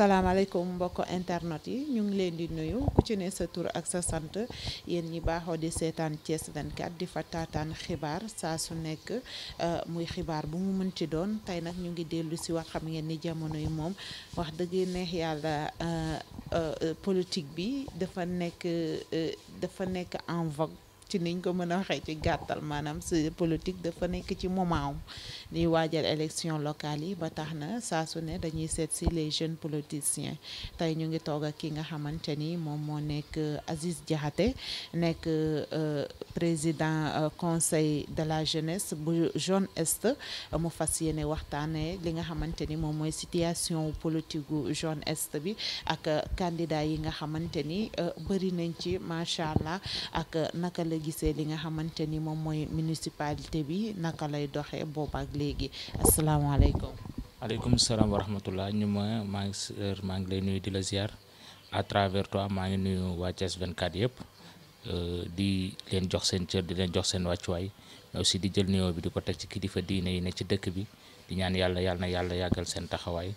asalaamaaleykum mbokk internet yi ñu ngi leen di nuyu ku ci ne sa tur ak sa sant yéen ñi baaxoo di seetaan Thiès 24 di fa taataan xibaar saa su nekk euh, muy xibaar bu mu mën ci doon tey nag ñu ngi dellu si wax xam ngeen ni jamono yi moom wax dëgg neex yàlla euh, euh, politique bi dafa nekk dafa nekk en vogue ci niñ ko mën a waxee ci gàttal maanaam si politique dafa nekk ci moment di waajal élection locale yi ba tax na saa su ne dañuy seet si les jeunes politiciens tey ñu ngi toog ak ki nga xamante ni moom moo nekk Aziz Diakhaté nekk euh, président euh, conseil de la jeunesse bu Jeune Est mu fas yéene waxtaanee li nga xamante ni moom mooy situation politique gu Jeune Est bi ak candidat yi nga xamante ni euh, bëri nañ ci macha allah ak naka la gisee li nga xamante ni moom mooy municipalité bi naka lay doxee boobaak léegi asalaamaaleykum. aleykum salaam wa rahmatullah ñu ma maa ngi sër maa ngi lay nuyu di la ziar à travers toi maa ngi nuyu waa Thiès 24 yëpp euh, di leen jox seen cër di leen jox seen wàccuwaay waay aussi di jël nuyoo bi di ko teg ci kilifa diine yi ne ci dëkk bi di ñaan yàlla yàlla na yàlla yàggal seen taxawaay.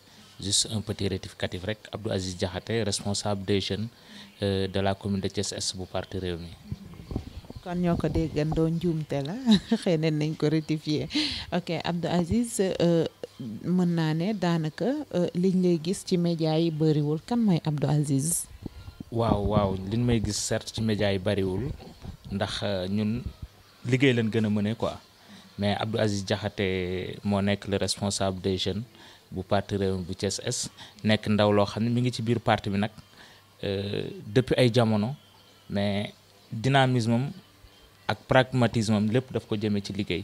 juste un petit rectificatif rek Abdou Aziz Diakhaté responsable des jeunes euh, de la commune de Thiès-Est bu parti Rewmi kon ñoo ko déggandoo njuumte la xëy na nañ ko rectifier ok Abdou Aziz euh, mën naa ne daanaka euh, liñ lay gis ci média yi bëriwul kan mooy Abdou Aziz. waaw waaw liñ may gis certes ci média yi bëriwul ndax euh, ñun liggéey lañ gën a mëne quoi mais Abdou Aziz Diakhaté moo nekk le responsable des jeunes bu parti Rewmi bu Thiès nekk ndaw loo xam ne mi ngi ci biir parti bi nag depuis ay jamono mais dynamisme ak pragmatisme am lépp daf ko jëmee ci liggéey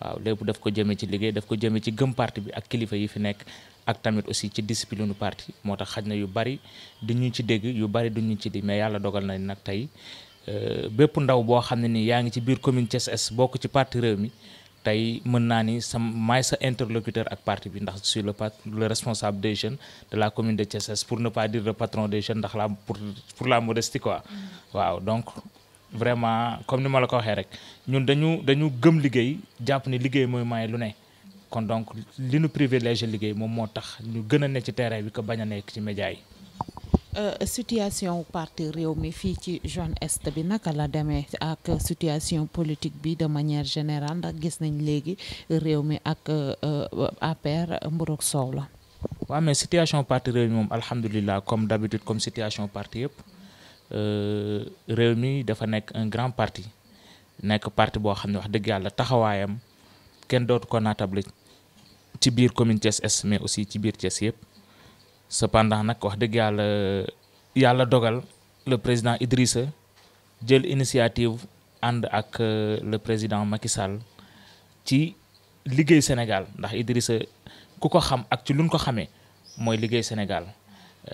waaw lépp daf ko jëmee ci liggéey daf ko jëmee ci gëm parti bi ak kilifa yi fi nekk ak tamit aussi ci discipline nu moo tax xaj na yu bari ñu ci dégg yu bari ñu ci di mais yàlla dogal na nag tey euh, bépp ndaw boo xam ne nii yaa ngi ci biir commune Thiès Est bokk ci parti réew mi tey mën naa ni sam maay sa interlocuteur ak parti bi ndax je le pat le responsable des jeunes de commune de Thiès Est pour ne pas dire le patron des pour pour la modestie quoi mm. waaw donc vraiment comme ni ma la ko waxee rek ñun dañu dañu gëm liggéey jàpp ni liggéey mooy may lu ne kon donc li ñu privilégié liggéey moom moo tax ñu gën a ne ci terrain bi ko bañ a nekk ci média yi. Euh, situation parti réew mi fii ci zone est bi naka la demee ak situation politique bi de manière général ndax gis nañ léegi réew mi ak euh, APR mburuk soow la. waaw mais situation parti réew mi moom alhamdulilah comme d'habitude comme situation parti yëpp. Euh, réew mi dafa nekk un grand parti nekk parti boo xam ne wax dëgg yàlla taxawaayam kenn dootu ko naatable ci biir commune Thiès Est mais aussi ci biir Thiès yëpp cependant nag wax dëgg yàlla yàlla dogal le président Idrissa jël initiative ànd ak euh, le président Macky Sall ci liggéey Sénégal ndax Idrissa ku ko xam ak ci luñ ko xamee mooy liggéey Sénégal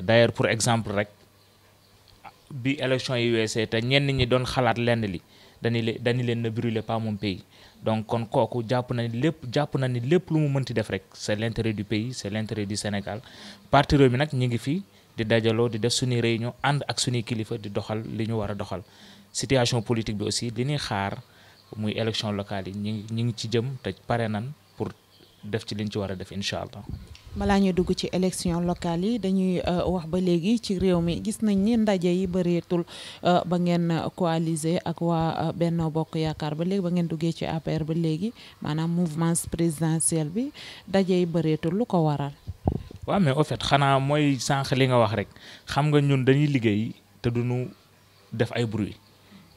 d'ailleurs pour exemple rek. bi élection yi weesee te ñenn ñi doon xalaat lenn li dañu leen dañu leen ne brûler pas mon pays donc kon kooku jàpp na ni lépp jàpp na ni lépp lu mu mënti def rek c' est l' intérêt du pays c' est l' intérêt du Sénégal parti Rewmi nag ñu ngi fii di dajaloo di def suñuy réunion ànd ak suñuy kilifa di doxal li ñu war a doxal situation politique bi aussi li ñuy xaar muy élection locale yi ñi ngi ñi ngi ci jëm te pare nan pour def ci liñ ci war a def incha allah balaa ñu dugg ci élection locale yi dañuy euh, wax ba léegi ci réew mi gis nañ ni ndaje yi bëreetul euh, ba ngeen coaliser ak waa euh, benn Bokk Yaakaar ba léegi ba ngeen duggee ci APR ba léegi maanaam mouvement présidentiel bi ndaje yi bareetul lu ko waral. waaw mais au fait xanaa mooy sànq li nga wax rek xam nga ñun dañuy liggéey te du nu def ay bruit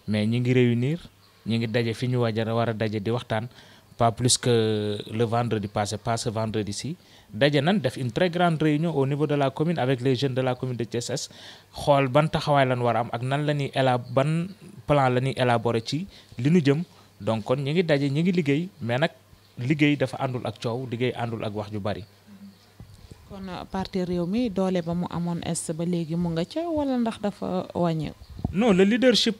mais ñi ngi réunir ñi ngi daje fi ñu wajar war a daje di waxtaan pas plus que le vendredi passé pas ce vendredi ci. daje nan def une très grande réunion au niveau de la commune avec les jeunes de la commune de Thiès xool ban taxawaay lan war am ak nan la ñuy éla ban plan la ñuy élaborer ci li ñu jëm donc kon ñi ngi daje ñi ngi liggéey mais nag liggéey dafa àndul ak coow liggéey àndul ak wax ju bari. kon parti réew mi doole ba mu amoon est ba léegi mu nga ca wala ndax dafa wàññeeku. non le leadership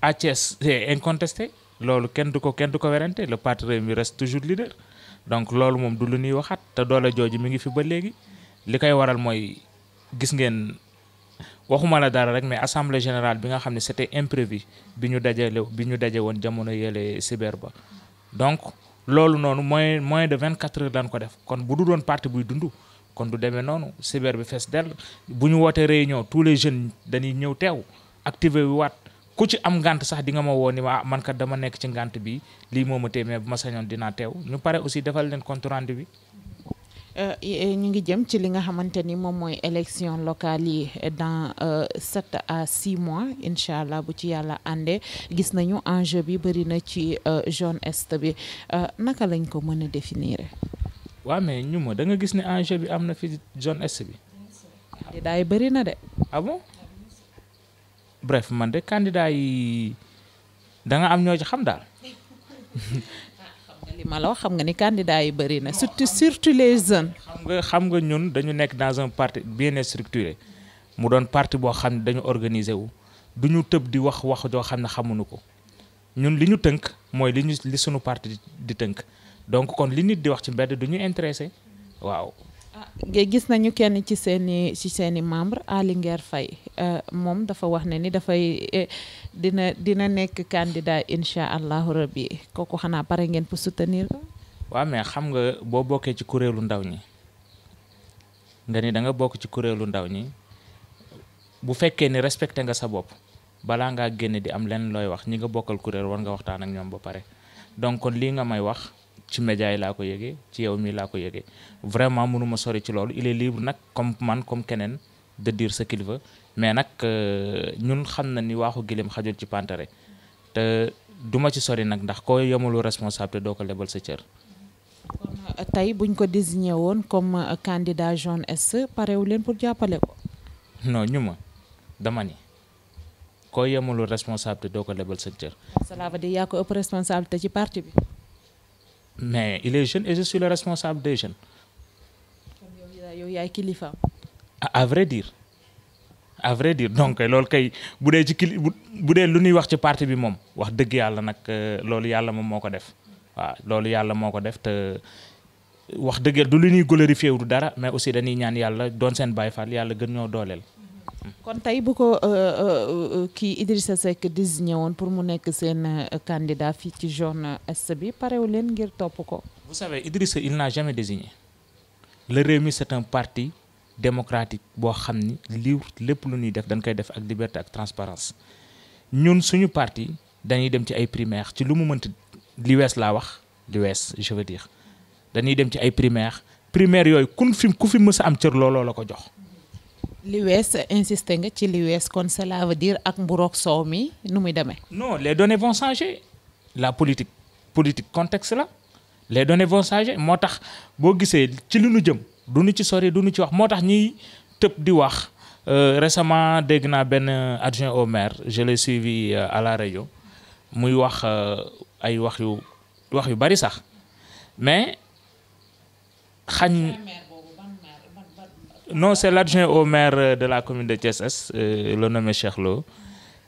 à Thiès est incontesté loolu kenn du ko kenn du ko werante le part réew mi reste toujours leader. donc loolu moom du lu ñuy waxaat te doole jooju mu ngi fi ba léegi li koy waral mooy gis ngeen waxuma la dara rek mais assemblée générale bi nga xam ne c'était imprévu bi ñu dajale bi ñu daje woon jamono yële cyber ba donc loolu noonu moyen moyen de 24 heures dañ ko def kon bu du doon parti buy dund kon du demee noonu cyber bi fees dell bu ñu wootee ñëw tous les jeunes dañuy ñëw teew activé wu waat ku ci am ngant sax di nga ma woo ni ma ah, man kat dama nekk ci ngant bi lii moo ma téye mais bu ma sañoon dinaa teew ñu pare aussi defal leen compte rendu bi. Euh, ñu ngi jëm ci li nga xamante ni moom mooy élection locale yi dans euh, sept à six mois incha allah bu ci yàlla àndee gis nañu enjeu bi bëri na ci euh, zone est bi naka lañ ko mën a définir. waaw mais ñu ma da nga gis ne enjeu bi am na fi zone est bi. daay bëri de. Ah bref man de candidat yi da am ñoo ci xam daal. li xam nga ni candidat yi bëri na surtout surtout les jeunes. xam nga xam nga ñun dañu nekk dans un parti bien structuré mu doon parti boo xam ne dañu organisé wu du ñu tëb di wax wax joo xam ne xamuñu ko ñun li ñu tënk mooy li ñu li suñu parti di tënk donc kon li nit di wax ci mbedd du intéressé waaw. Ah, gis nañu kenn ci seeni ci seeni membre Aly fay Faye eh, moom dafa wax ne ni dafay eh, dina dina nekk candidat incha allahu rabi kooku xanaa pare ngeen pour soutenir ko. waaw mais xam nga boo bokkee ci kuréelu ndaw ñi nga ni da bokk ci kuréelu ndaw ñi bu fekkee ni respecté nga sa bopp balaa ngaa génn di am lenn looy wax ñi nga bokkal kuréel war nga waxtaan ak ñoom ba pare donc kon lii nga may wax. ci média yi laa ko yëgee ci yow mii laa ko yëgee vraiment mënuma ma sori ci loolu il est libre nag comme man comme keneen de dire ce qu'il mais nag euh, ñun xam na ni waaxu gileem xajul ci pantare te du ma ci sori nag ndax ko yemulu responsable doo ko lebal sa cër. Euh, tey buñ ko désigné woon comme euh, candidat jaune est parewu leen pour jàppale ko. no ñu ma dama ni koo yemulu responsable doo ko lebal sa cër. cela veut dire yaa ko ëpp responsabilité ci parti bi. mais il est et je suis le responsable des jeunes. yow yaay kilifa. à vrai dire à vrai dire donc loolu kay bu dee ci kili bu dee lu ñuy wax ci parti bi moom wax dëgg yàlla nag euh, loolu yàlla moom moo ko def waaw loolu yàlla moo ko def te wax dëgg du lu ñuy glorifier du dara mais aussi dañuy ñaan yàlla doon seen Baay Faal yàlla gën ñoo dooleel. kon tey bu ko euh, euh, euh, kii Idrissa Seck désigné woon pour mu nekk seen candidat fii ci zone est bi parewu leen ngir topp ko. vous savez Idrissa il n'a jamais désigné le Rewmi c'est un parti démocratique boo xam ni li lépp lu ñuy def dañ koy def ak liberté ak transparence ñun suñu parti dañuy dem ci ay primaires ci lu mu mënti li wees laa wax li wees je veux dire dañuy dem ci ay primaires primaires yooyu kun fi ku fi mës a am cër looloo la ko jox. li wees insisté nga ci li wees kon cela veut dire ak mburoog soow mi nu muy demee. non les données vont changer la politique politique contexte la les données vont changer moo tax boo gisee ci li nu jëm du nu ci sori du nu ci wax moo tax ñiy tëb di wax euh, récemment dégg naa benn adjoint au maire je l'ai suivi euh, à la rajo muy wax euh, ay wax yu wax yu bari sax mais xañ Non, c'est l'adjoint au maire euh, de la commune de Thiès, euh, le nommé Cheikh Lo.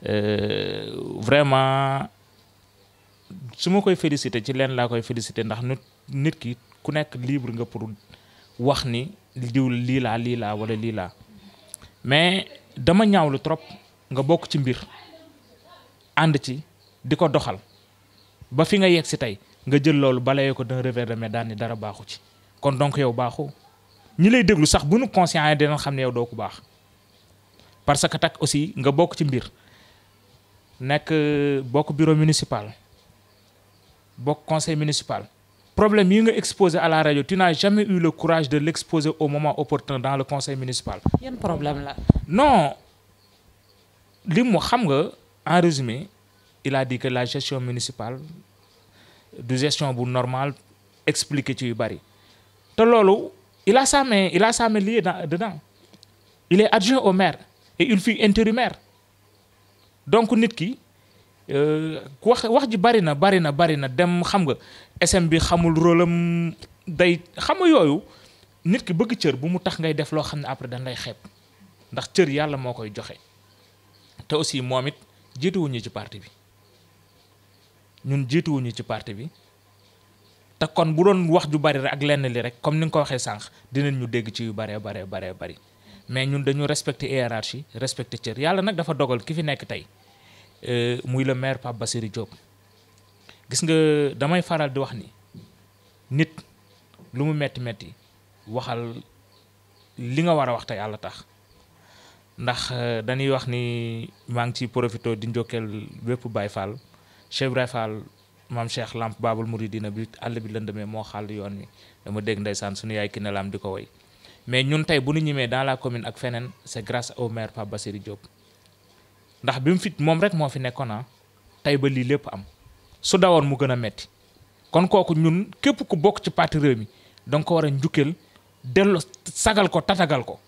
Euh, vraiment, su ma koy félicité ci leen laa koy félicité ndax nit nit ki ku nekk libre nga pour wax ni diw lii laa lii laa wala lii laa mais dama ñaawlu trop nga bokk ci mbir ànd ci di ko doxal ba fi nga yegg si tey nga jël loolu balayee ko d'un revers de main daal ni dara baaxu ci kon donc yow baaxu ñu lay déglu sax bu nu conscient yi dinañ xam ne yow doo ku baax parce que tak aussi nga bokk ci mbir nekk euh, bokk bureau municipal bokk conseil municipal problème yi nga exposé à la rajo tu n'as jamais eu le courage de l'exposer au moment opportun dans le conseil municipal. yan problème la. non li mu xam nga en résumé il a dit la gestion municipale du gestion bu normal expliqué ci yu bari te loolu. il a sa main lii a sa main liée dans, dedans il est adjoint au maire et il donc nit ki euh, wax wax ji bari na bari na bari na dem xam nga SM bi xamul rôle day xam nga yooyu nit ki bëgg cër bu mu tax ngay def loo xam ne après dañ lay xeeb ndax cër yàlla moo koy joxe te aussi moom it jiituwuñu ci parti bi ñun jiituwuñu ci parti bi. te kon bu doon wax ju bari ak lenn li rek comme ni nga ko waxee sànq dinañ ñu dégg ci yu bare baree baree bari mais ñun dañu respecter hiérarchie respecter cër yàlla nag dafa dogal ki fi nekk tey euh, muy le maire Pape Bassirou Diop gis nga damay faral di wax ni nit lu mu metti metti waxal li nga war a wax te yàlla tax ndax euh, dañuy wax ni maa ngi ciy profité di njokkeel bépp Baye Fall Cheikh Ibrahima maam Cheikh Lamp Baabul Muridina bi àll bi lëndëmee moo xàll yoon mi dama dégg ndeysaan suñu yaay ki ne laam di ko woy mais ñun tey bu ñu ñimee dans la commune ak feneen c'est grâce au maire Pape Bassirou Diop ndax bi mu fit moom rek moo fi nekkoon ah tey ba lii lépp am su dawoon mu gën a metti kon kooku ñun képp ku bokk ci parti Rewmi da nga ko war a njukkeel dello sagal ko tatagal ko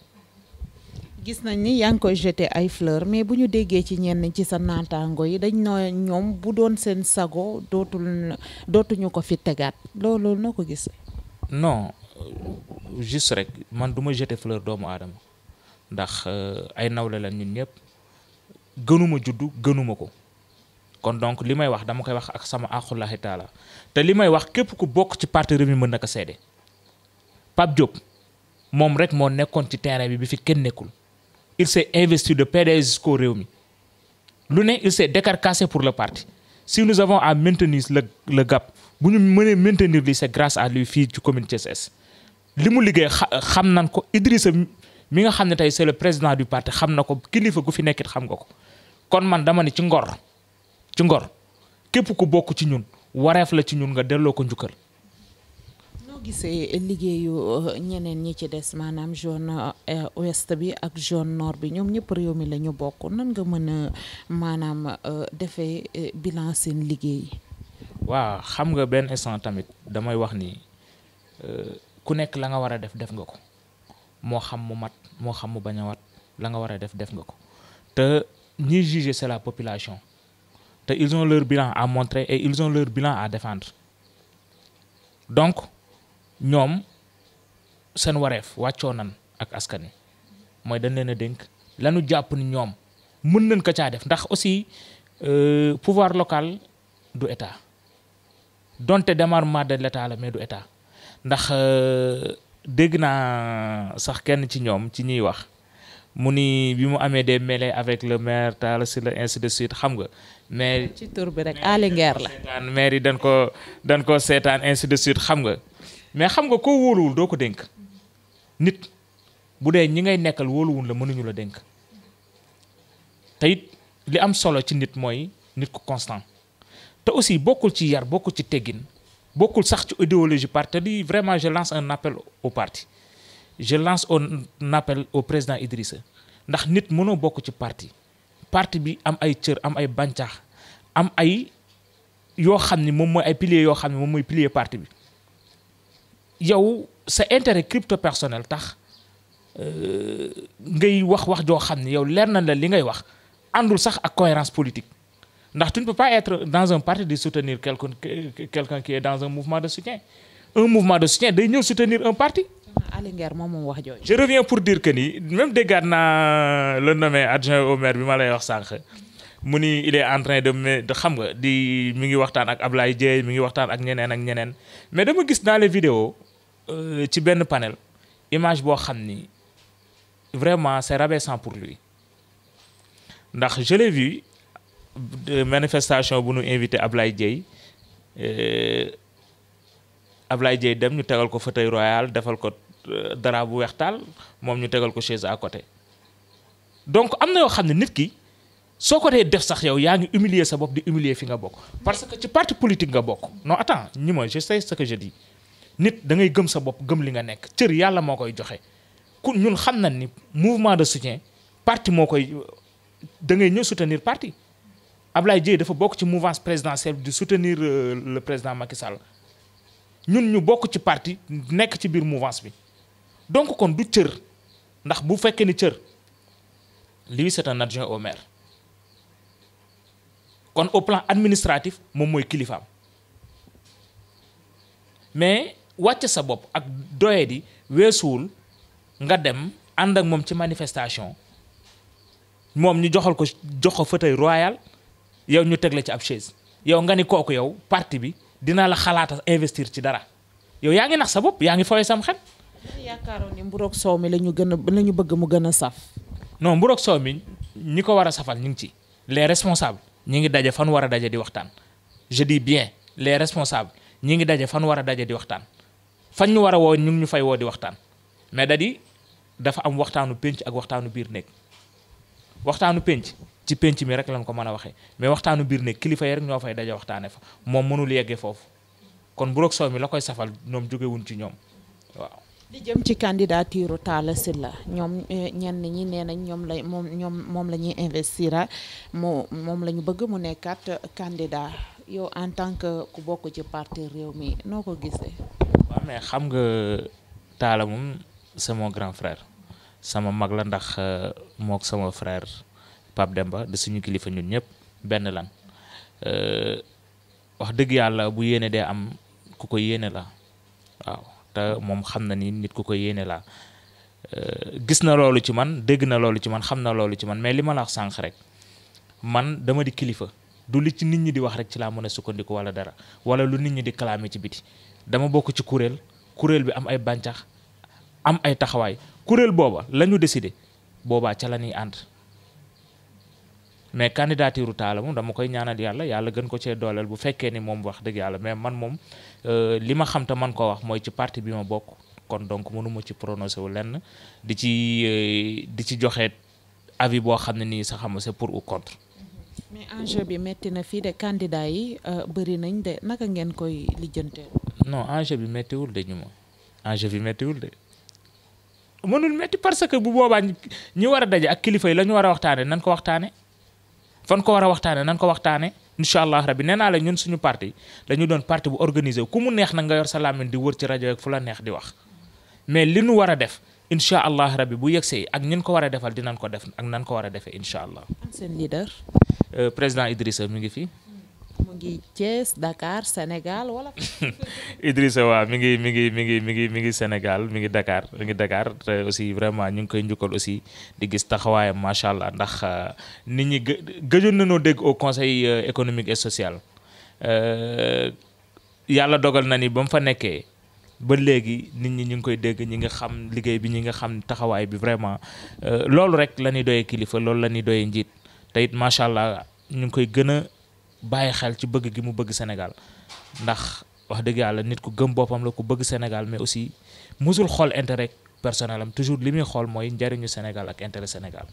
gis nañ ni yaa ngi koy jeter ay fleur mais bu ñu déggee ci ñenn ci sa naataango yi dañ no ñoom bu doon seen sago dootul dootuñu ko fi tegaat loolu noo ko gis. non euh, juste rek man duma ma fleur doomu aadama ndax euh, ay nawle la ñun ñëpp gënuma juddu gënuma ko kon donc li may wax dama koy wax ak sama aqullahi taala te li may wax képp ku bokk ci parti Rewmi mën na ko seede Pape Diop moom rek moo nekkoon ci terrain bi bi fi kenn nekkul. il s'est investi de PDS réew mi lu ne il s'est décarcassé pour le parti si nous avons à maintenir le le gap bu ñu mënee maintenir li c'est grace à lui fii ci commune Thiès Est li mu liggéey xam nan ko Idrissa mi nga xam ne tey c'est le président du parti xam na ko kilifa gu fi nekkit xam nga ko kon man dama ne ci ngor ci ngor képp ku bokk ci ñun wareef la ci ñun nga delloo ko njukkal noo gisee liggéeyu uh, ñeneen ñi ci des maanaam zone uh, ouest bi ak zone nord bi ñoom ñëpp réew mi la ñu bokk nan nga mën a maanaam uh, defee bilan seen liggéey. waaw xam nga benn instant tamit damay wax ni ku nekk la nga war a def def nga ko moo xam mu mat moo xam mu bañ a wat la nga war a def def nga ko te ñiy juger c'est la population te ils ont leur bilan à montrer et ils ont leur bilan à défendre donc ñoom seen wareef wàccoo nan ak askan wi mooy dañ leen a dénk lanu jàpp ni ñoom mën nañ ko caa def ndax aussi euh, pouvoir local du état donte démarrement de l'état la mais du état ndax euh, dégg naa sax kenn ci ñoom ci ñuy wax mu ni bi mu amee de mêlées avec le maire Talla Sylla ainsi de suite xam nga. mais ci tur bi rek Aly la. maire yi dañ ko dañ ko seetaan ainsi de suite xam nga. mais xam nga koo wóoluwul doo ko dénk nit bu dee ñi ngay nekkal wóoluwul la mënuñu la dénk te it li am solo ci nit mooy nit ku constant te aussi bokkul ci yar bokkul ci teggin bokkul sax ci idéologie parti li vraiment je lance en appel au parti je lance un appel au président Idrissa ndax nit mënoo bokk ci parti parti bi am ay cër am ay bàncaax am ay yoo xam ni moom mooy ay piliers yoo xam ne moom mooy pilier parti bi yow sa intérêt crypto personnel tax euh, ngay wax wax joo xam ni yow leer nañ la li ngay wax àndul sax ak cohérence politique ndax tu ne peux pas être dans un parti di soutenir quelqu'un quelqu'un qui est dans un mouvement de soutien un mouvement de soutien day ñëw soutenir un parti. Aly Nguer moom moom wax jooju. je pour dire que ni même déggaat naa le nommé adjoint au maire bi ma lay wax sànq. mu ni il est en train de xam nga di mi ngi waxtaan ak Ablaye Dieye mi ngi waxtaan ak ñeneen ak ñeneen mais dama gis dans les vidéos Euh, ci benn panel image boo xam ni vraiment c'est rabaissant pour lui ndax je l'ai vu de manifestation bu ñu invité Ablaye ab euh, Ablaye Dieye dem ñu tegal ko fauteuil royal defal ko euh, dara bu weextaal moom ñu tegal ko chaise à côté donc am na yoo xam ne nit ki soo ko dee def sax yow yaa ngi humilier sa bopp di humilier fi nga bokk parce que ci parti politique nga bokk non attends ñi ma je sais ce nit da ngay gëm sa bopp gëm li nga nekk cër yàlla moo koy joxe ku ñun xam nañ ni mouvement de soutien parti moo koy da ngay ñëw soutenir parti Ablaye Dieye dafa bokk ci mouvance présidentielle di soutenir euh, le président Macky Sall ñun ñu bokk ci parti nekk ci biir mouvance bi donc kon du cër ndax bu fekkee ni cër lii c'est un adjoint au maire kon au plan administratif moom mooy kilifaam mais wàcc sa bopp ak doye di weesuwul nga dem ànd ak moom ci manifestation moom ñu joxal ko jox ko fauteuil royal yow ñu teg la ci ab chaise yow nga ni kooku yow parti bi dina la xalaata investir ci dara yow yaa ngi nax sa bopp yaa ngi fooy sam xel. yaakaaroon ni mburoog soow mi la ñu gën a la ñu bëgg mu gën a saf. non mburoog soow mi ñi ko war a safal ñu ngi ci les responsables ñi ngi daje fan war a daje di waxtaan je dis bien les responsables ñi ngi daje fan war a daje di waxtaan. fañ ñu war a woo ñu ñu fay woo di waxtaan mais da dafa am waxtaanu pénc ak waxtaanu biir néeg waxtaanu pénc ci pénc mi rek lañ ko mën a waxee mais waxtaanu biir néeg kilifa yi rek ñoo fay daje waxtaane fa moom mënul yeggee foofu kon bu roog soow mi la koy safal ñoom jógewuñ ci ñoom waaw li jëm ci candidature Talla Sylla ñoom eh, ñenn ñi nee nañ ñoom la moom ñoom moom la ñuy investir ah. moo moom lañu ñu bëgg mu nekkat candidat yow en tant que ku bokk ci parti réew mi noo ko gisee waaw mais xam nga Talla moom c'est mon grand frère sama mag la ndax euh, mook sama frère Pape Demba de suñu kilifa ñun ñëpp benn lan euh, wax dëgg yàlla bu yéene dee am ku ko yéene la waaw moom xam na ni nit ku ko yéene la euh, gis na loolu ci man dégg na loolu ci man xam na loolu ci man mais li ma la wax sànq rek man dama di kilifa du ci nit ñi di wax rek ci laa mën a sukkandiku wala dara wala lu nit ñi di kalaame ci biti dama bokk ci kuréel kuréel bi am ay bàncax am ay taxawaay kuréel booba la ñu décidé boobaa ca la ñuy ànd mais candidature Talla moom dama koy ñaanal yàlla yàlla gën ko cee dooleel bu fekkee ni moom wax dëgg yàlla mais man moom euh, li ma xam te man koo wax mooy ci parti bi ma bokk kon donc mënuma ci prononcé wu lenn di ci euh, di ci joxe avis boo xam ne nii sa xam c'est pour ou contre. mais enjeu bi metti na fii de candidat yi euh, bëri nañ de naka ngeen koy lijjanteel. non enjeu bi méttiwul de ñu ma enjeu bi méttiwul de mënul métti parce que bu boobaa ñi war a daje ak kilifa yi la ñu war a waxtaane nan ko waxtaane fan ko war a waxtaane nan ko waxtaane incha allah rabbi nee naa la ñun suñu parti dañu doon parti bu organisé ku mu neex na nga yor sa làmmiñ di wër ci rajo ak fu la neex di wax mais li nu war a def incha allah rabbi bu yegsee ak ñun ko war a defal di dinañ ko def ak nan ko war a defee incha allah. seen euh, ngi fi. mu ngi Thiès Dakar Sénégal wala. Idrissa waaw mi ngi mi ngi mi ngi mi ngi mi ngi Sénégal mi ngi Dakar mi ngi Dakar te aussi vraiment ñu ngi koy njukkal aussi di gis taxawaayam macha allah ndax euh, nit ñi gë gëjoon nañoo dégg au conseil euh, économique et social. Euh, yàlla dogal na ni ba mu fa nekkee ba léegi nit ñi ñu ngi koy dégg ñi nga xam liggéey bi ñi nga xam taxawaay bi vraiment loolu rek la ñuy doyee kilifa loolu la ñuy doyee njiit te it allah ñu ngi bàyyi xel ci bëgg gi mu bëgg Sénégal ndax wax dëgg yàlla nit ku gëm boppam la ku bëgg Sénégal mais aussi musul xool intérêt personnel am toujours li muy xool mooy njëriñu Sénégal ak intérêt Sénégal.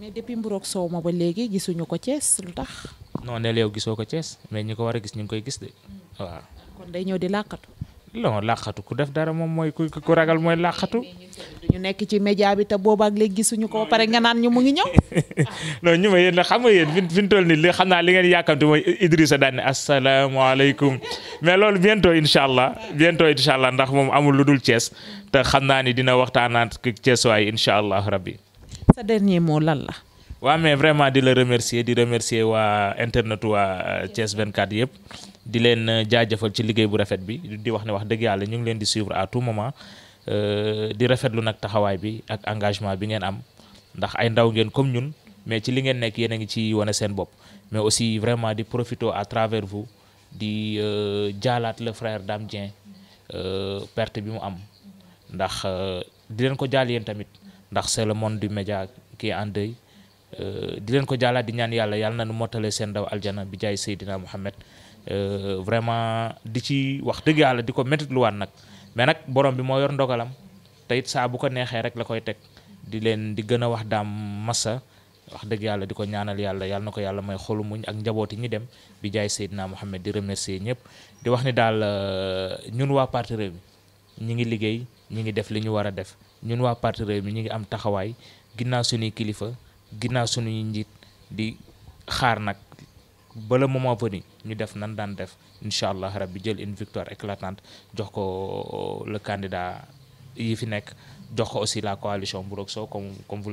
mais depuis Mburok Sow ma ba léegi gisuñu ko Thiès lu tax. non ne yow gisoo ko Thiès mais ñi ko war a gis ñu ngi koy gis de hmm. waaw. kon day ñëw di làkkatu. non làqatu ku def dara moom mooy ku ku ragal mooy làqatu. ñu nekk ci média bi te boobaak léegi gisuñu ko pare nga naan ñu mu ngi ñëw. non ñu ma yéen xam nga yéen fi fi mu toll nii li xam naa li ngeen yàkkamti mooy Idrissa Dane asalaamaaleykum mais loolu bientôt incha allah bientôt incha allah ndax moom amul lu dul Thiès te xam naa ni dina waxtaanaat ak Thiès waay incha allah rabbi. sa dernier mot lan la. waa mais vraiment di la remercier di remercier waa internet waa euh, Thiès 24 yëpp. di leen euh, jaajëfal ci liggéey bu rafet bi di wax ne wax dëgg yàlla ñu ngi leen di suivre à tout moment euh, di rafetlu nag taxawaay bi ak engagement bi ngeen am ndax ay ndaw ngeen comme ñun mais ci li ngeen nekk yéen a ngi ci wane seen bopp mais aussi vraiment di profito à travers vous di euh, jaalaat le frère Dame Dieng perte bi mu am ndax di leen ko jaal yeen tamit ndax c'est le monde du média qui est en deuil di leen ko jaalaat di ñaan yàlla yàlla na nu mottale seen ndaw aljana bi jaay Seydina Mohamed Euh, vraiment di ci wax dëgg yàlla di ko métitluwaat nag mais nag borom bi moo yor ndogalam te saa bu ko neexee rek la koy teg di leen di gën a wax daam massa wax dëgg yàlla di ko ñaanal yàlla yàlla na ko yàlla may xolu muñ ak njabooti ñi dem bi jaay Seydina Mohamed di remercier ñëpp di wax ni daal euh, ñun waa parti bi ñu ngi liggéey ñu ngi def li ñu war a def ñun waa parti bi ñu ngi am taxawaay ginnaaw suñuy kilifa ginnaaw suñuy njiit di xaar nag bala moment venu ñu def nan daan def incha allah rabbi jël une victoire éclatante jox ko euh, le candidat yi fi nekk jox ko aussi la coalition Mburok Sow comme comme vous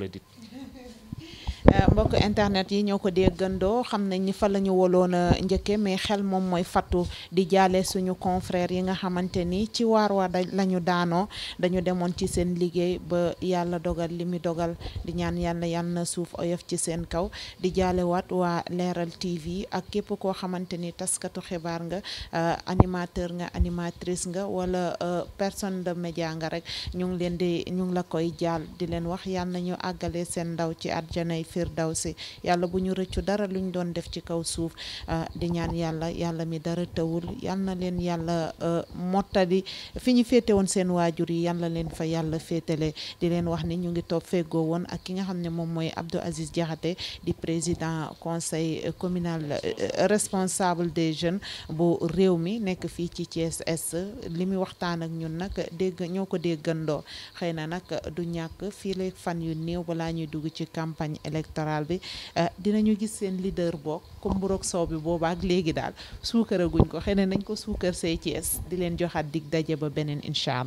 Euh, mbokk internet yi ñoo ko déggandoo xam nañ ni fa la ñu woloon a njëkke mais xel moom mooy fattu di jaale suñu confrères yi nga xamante ni ci waar waa la ñu daanoo dañu demoon ci seen liggéey ba yàlla dogal li mu dogal di ñaan yàlla yàlla na suuf oyof ci seen kaw di jaalewaat waa leeral TV ak képp koo xamante ni taskatu xibaar nga euh, animateur nga animatrice nga wala euh, personne de média nga rek ñu ngi leen di ñu la koy jaal di leen wax yàlla na ñu àggale seen ndaw ci àjjanay firdawsi yàlla bu ñu rëccu dara luñ doon def ci kaw suuf ah, di ñaan yàlla yàlla mi dara tawul yal na leen yàlla ah, mottali fi ñu féete woon seen waajur yi yal na leen fa yàlla féetale di leen wax ni ñu ngi toog feggoo woon ak ki nga xam ne moom mooy Abdou Aziz Diakhaté di président conseil communal eh, responsable des jeunes bu réew mi nekk fii ci Thiès Est li muy waxtaan ak ñun nag dégg ñoo ko déggandoo xëy na du ñàkk fii lay fan yu néew balaa ñuy dugg ci campagne électorale bi eh, dinañu gis seen leader boog comme mburoog bi booba ak léegi daal suukaraguñ ko xëy na nañ ko suukar say Thiès di leen joxaat digg daje ba beneen incha